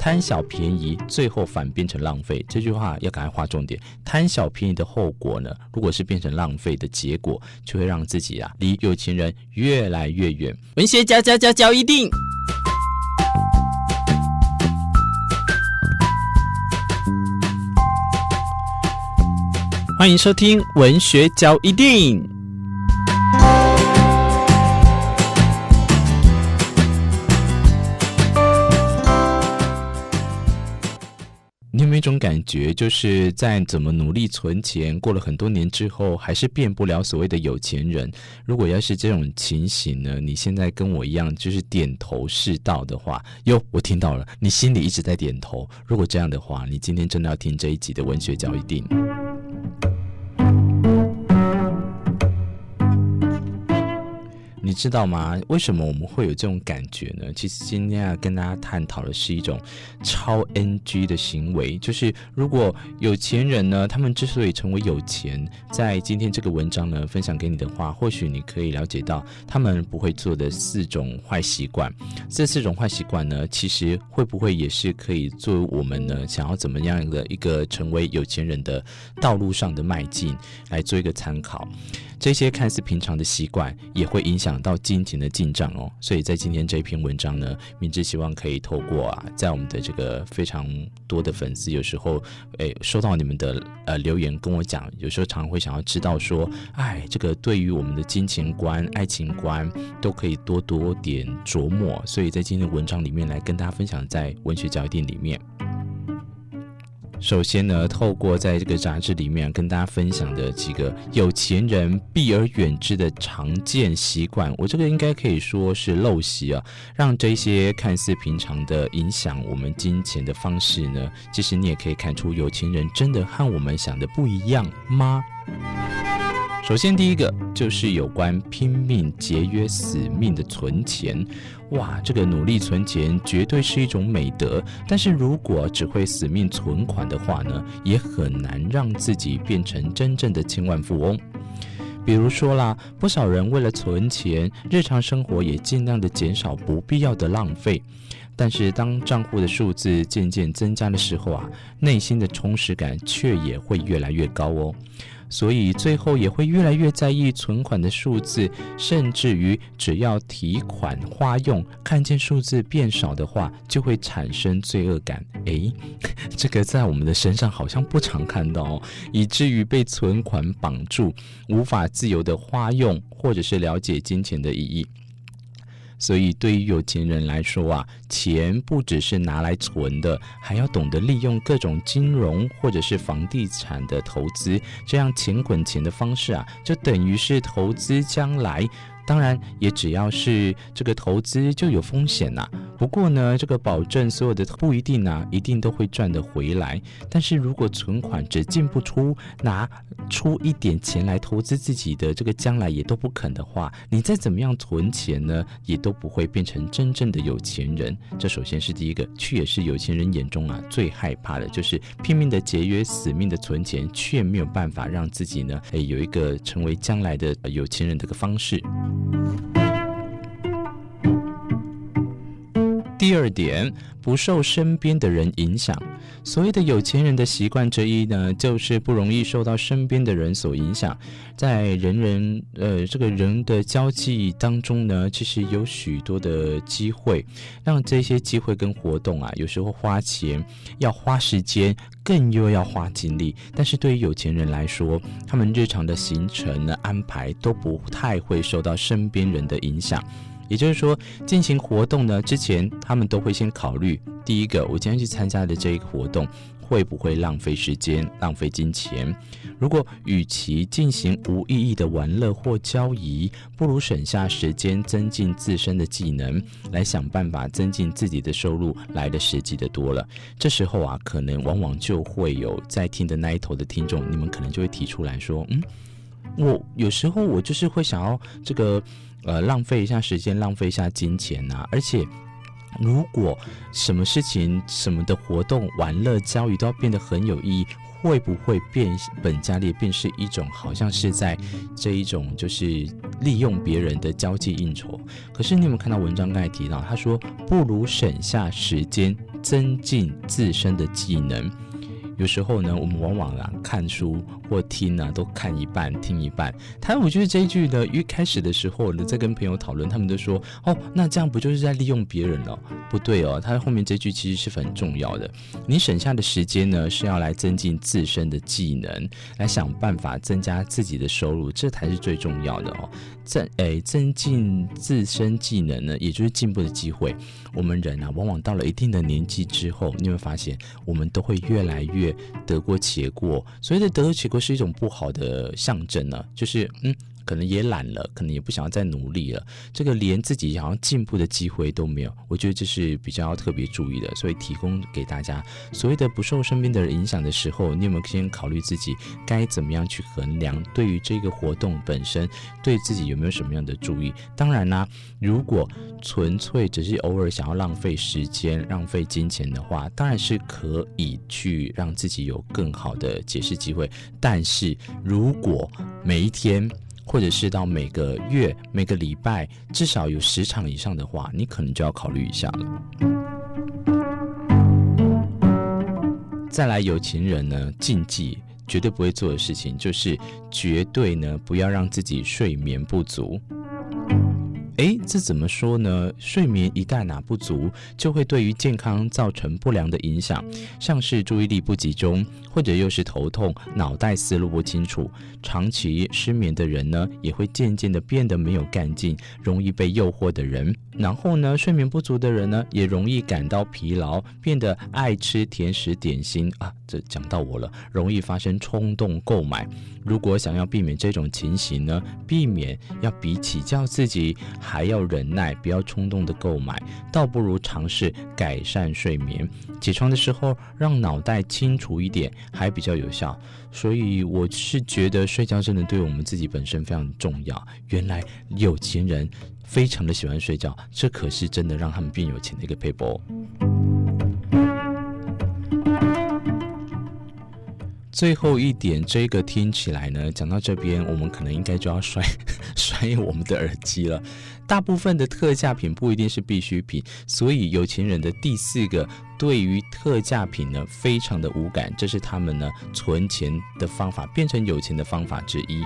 貪小便宜，最後反變成浪費，這句話要趕快劃重點。貪小便宜的後果呢？如果是變成浪費的結果，就會讓自己啊，離有錢人越來越遠。文學嚼，嚼嚼嚼、嚼，一錠！歡迎收聽《文學嚼，一錠》。這種感覺就是再怎麼努力存錢，過了很多年之後，還是變不了所謂的有錢人。如果要是這種情形呢？你現在跟我一樣，就是點頭是道的話，喲，我聽到了，你心裡一直在點頭。如果這樣的話，你今天真的要聽這一集的文學嚼一錠。你知道嗎？為什麼我們會有這種感覺呢？其實今天要跟大家探討的是一種超 NG 的行為，就是如果有錢人呢，他們之所以成為有錢，在今天這個文章呢，分享給你的話，或許你可以了解到他們不會做的四種壞習慣。這四種壞習慣呢，其實會不會也是可以作為我們呢，想要怎麼樣的一個成為有錢人的道路上的邁進，來做一個參考。這些看似平常的習慣，也會影響到金錢的進賬哦。所以在今天這一篇文章呢，明志希望可以透過啊，在我們的這個非常多的粉絲，有時候誒、哎、收到你們的呃留言跟我講，有時候常會想要知道說，哎，這個對於我們的金錢觀、愛情觀都可以多多點琢磨。所以在今天的文章裡面來跟大家分享，在文學嚼一錠裡面。首先呢，透過在這個雜誌裡面跟大家分享的幾個有錢人避而遠之的常見習慣，我這個應該可以說是陋習啊，讓這些看似平常的影響我們金錢的方式呢，其實你也可以看出有錢人真的和我們想的不一樣嗎？首先，第一個就是有關拼命節約、死命的存錢。哇，這個努力存錢絕對是一種美德。但是如果只會死命存款的話呢，也很難讓自己變成真正的千萬富翁。比如說啦，不少人為了存錢，日常生活也儘量的減少不必要的浪費。但是，當賬戶的數字漸漸增加的時候啊，內心的充實感卻也會越來越高哦。所以最後也會越來越在意存款的數字，甚至於只要提款花用，看見數字變少的話，就會產生罪惡感。誒，這個在我們的身上好像不常看到哦，以至於被存款綁住，無法自由的花用，或者是了解金錢的意義。所以，對於有錢人來說啊，錢不只是拿來存的，還要懂得利用各種金融或者是房地產的投資，這樣錢滾錢的方式啊，就等於是投資將來。當然，也只要是這個投資，就有風險吶、啊。不過呢，這個保證所有的不一定呢、啊，一定都會賺得回來。但是如果存款只進不出，拿出一點錢來投資自己的這個將來也都不肯的話，你再怎麼樣存錢呢，也都不會變成真正的有錢人。這首先是第一個，卻也是有錢人眼中啊最害怕的，就是拼命的節約，死命的存錢，卻沒有辦法讓自己呢，誒有一個成為將來的有錢人的一個方式。第二點，不受身邊的人影響。所謂的有錢人的習慣之一呢，就是不容易受到身邊的人所影響。在人人呃這個人的交際當中呢，其實有許多的機會，讓這些機會跟活動啊，有時候花錢要花時間，更又要花精力。但是對於有錢人來說，他們日常的行程呢，安排都不太會受到身邊人的影響。也就是說，進行活動呢之前，他們都會先考慮：第一個，我今天去參加的這一個活動會不會浪費時間、浪費金錢？如果與其進行無意義的玩樂或交易，不如省下時間，增進自身的技能，來想辦法增進自己的收入，來得實際的多了。這時候啊，可能往往就會有在聽的那一頭的聽眾，你們可能就會提出來說：“嗯，我有時候我就是會想要這個。”呃，浪費一下時間，浪費一下金錢吶，啊。而且，如果什麼事情，什麼的活動、玩樂、交易都要變得很有意義，會不會變本加厲，變是一種好像是在這一種就是利用別人的交際應酬？可是你有沒有看到文章剛才提到，他說不如省下時間，增進自身的技能。有時候呢，我們往往啊看書或聽啊，都看一半聽一半。他，我覺得這一句呢，一開始的時候呢，在跟朋友討論，他們都說哦，那這樣不就是在利用別人了？不對哦，他後面這句其實是很重要的。你省下的時間呢，是要來增進自身的技能，來想辦法增加自己的收入，這才是最重要的哦。增哎，增進自身技能呢，也就是進步的機會。我們人啊，往往到了一定的年紀之後，你會發現我們都會越來越。得過且過，所以這得過且過是一種不好的象徵呢、啊，就是嗯。可能也懶了，可能也不想要再努力了。這個連自己想要進步的機會都沒有，我覺得這是比較要特別注意的。所以提供給大家，所謂的不受身邊的人影響的時候，你有沒有先考慮自己該怎麼樣去衡量？對於這個活動本身，對自己有沒有什麼樣的注意？當然啦、啊，如果純粹只是偶爾想要浪費時間、浪費金錢的話，當然是可以去讓自己有更好的解釋機會。但是如果每一天，或者是到每個月每個禮拜至少有十場以上的話，你可能就要考慮一下了。再來，有錢人呢禁忌，絕對不會做的事情，就是絕對呢不要讓自己睡眠不足。誒，這怎麼說呢？睡眠一旦哪不足，就會對於健康造成不良的影響，像是注意力不集中，或者又是頭痛、腦袋思路不清楚。長期失眠的人呢，也會漸漸的變得沒有幹勁，容易被誘惑的人。然後呢，睡眠不足的人呢，也容易感到疲勞，變得愛吃甜食點心啊。這講到我了，容易發生衝動購買。如果想要避免這種情形呢？避免要比起叫自己還要忍耐，不要衝動的購買，倒不如嘗試改善睡眠。起床的時候讓腦袋清楚一點，還比較有效。所以我是覺得睡覺真的對我們自己本身非常重要。原來有錢人非常的喜歡睡覺，這可是真的讓他們變有錢的一個 paper。最後一點，這個聽起來呢，講到這邊，我們可能應該就要摔摔我們的耳機了。大部分的特價品不一定是必需品，所以有錢人的第四個對於特價品呢，非常的無感，這是他們呢存錢的方法，變成有錢的方法之一。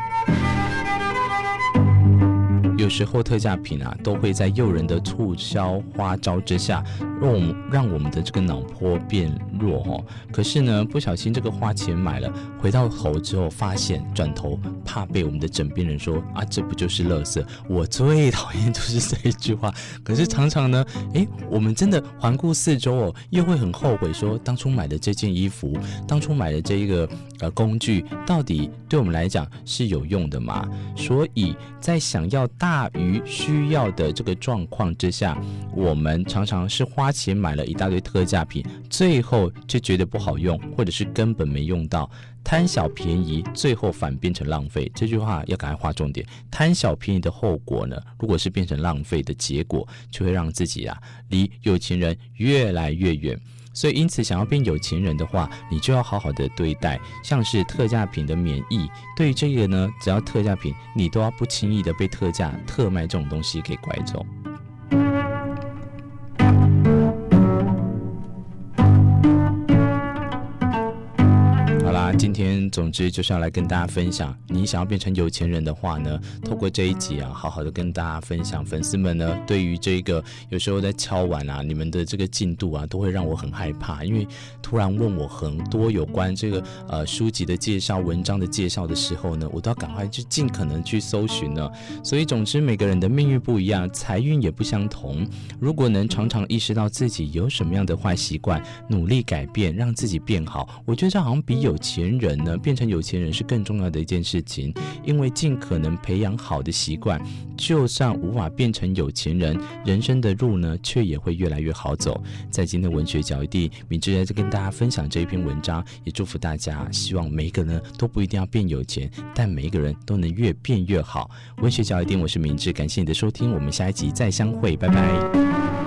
有時候特價品啊，都會在誘人的促銷花招之下，讓我們讓我們的這個腦波變。弱哦，可是呢，不小心這個花錢買了，回到頭之後發現，轉頭怕被我們的枕邊人說啊，這不就是樂色。我最討厭就是這一句話。可是常常呢，誒，我們真的環顧四周哦，又會很後悔說，當初買的這件衣服，當初買的這一個呃工具，到底對我們來講是有用的嗎？所以在想要大於需要的這個狀況之下，我們常常是花錢買了一大堆特價品，最後。就覺得不好用，或者是根本沒用到，貪小便宜，最後反變成浪費。這句話要趕快劃重點。貪小便宜的後果呢，如果是變成浪費的結果，就會讓自己啊離有錢人越來越遠。所以，因此想要變有錢人的話，你就要好好的對待，像是特價品的免疫。對於這個呢，只要特價品，你都要不輕易的被特價、特賣這種東西給拐走。天，總之就是要來跟大家分享。你想要變成有錢人的話呢，透過這一集啊，好好的跟大家分享。粉絲們呢，對於這個有時候在敲碗啊，你們的這個進度啊，都會讓我很害怕，因為突然問我很多有關這個呃書籍的介紹、文章的介紹的時候呢，我都要趕快去盡可能去搜尋呢。所以，總之每個人的命運不一樣，財運也不相同。如果能常常意識到自己有什麼樣的壞習慣，努力改變，讓自己變好，我覺得這好像比有錢人。人呢，變成有錢人是更重要的一件事情，因為盡可能培養好的習慣，就算無法變成有錢人，人生的路呢，卻也會越來越好走。在今天文學嚼一錠，明智在這跟大家分享這一篇文章，也祝福大家，希望每一個呢都不一定要變有錢，但每一個人都能越變越好。文學嚼一錠，我是明智，感謝你的收聽，我們下一集再相會，拜拜。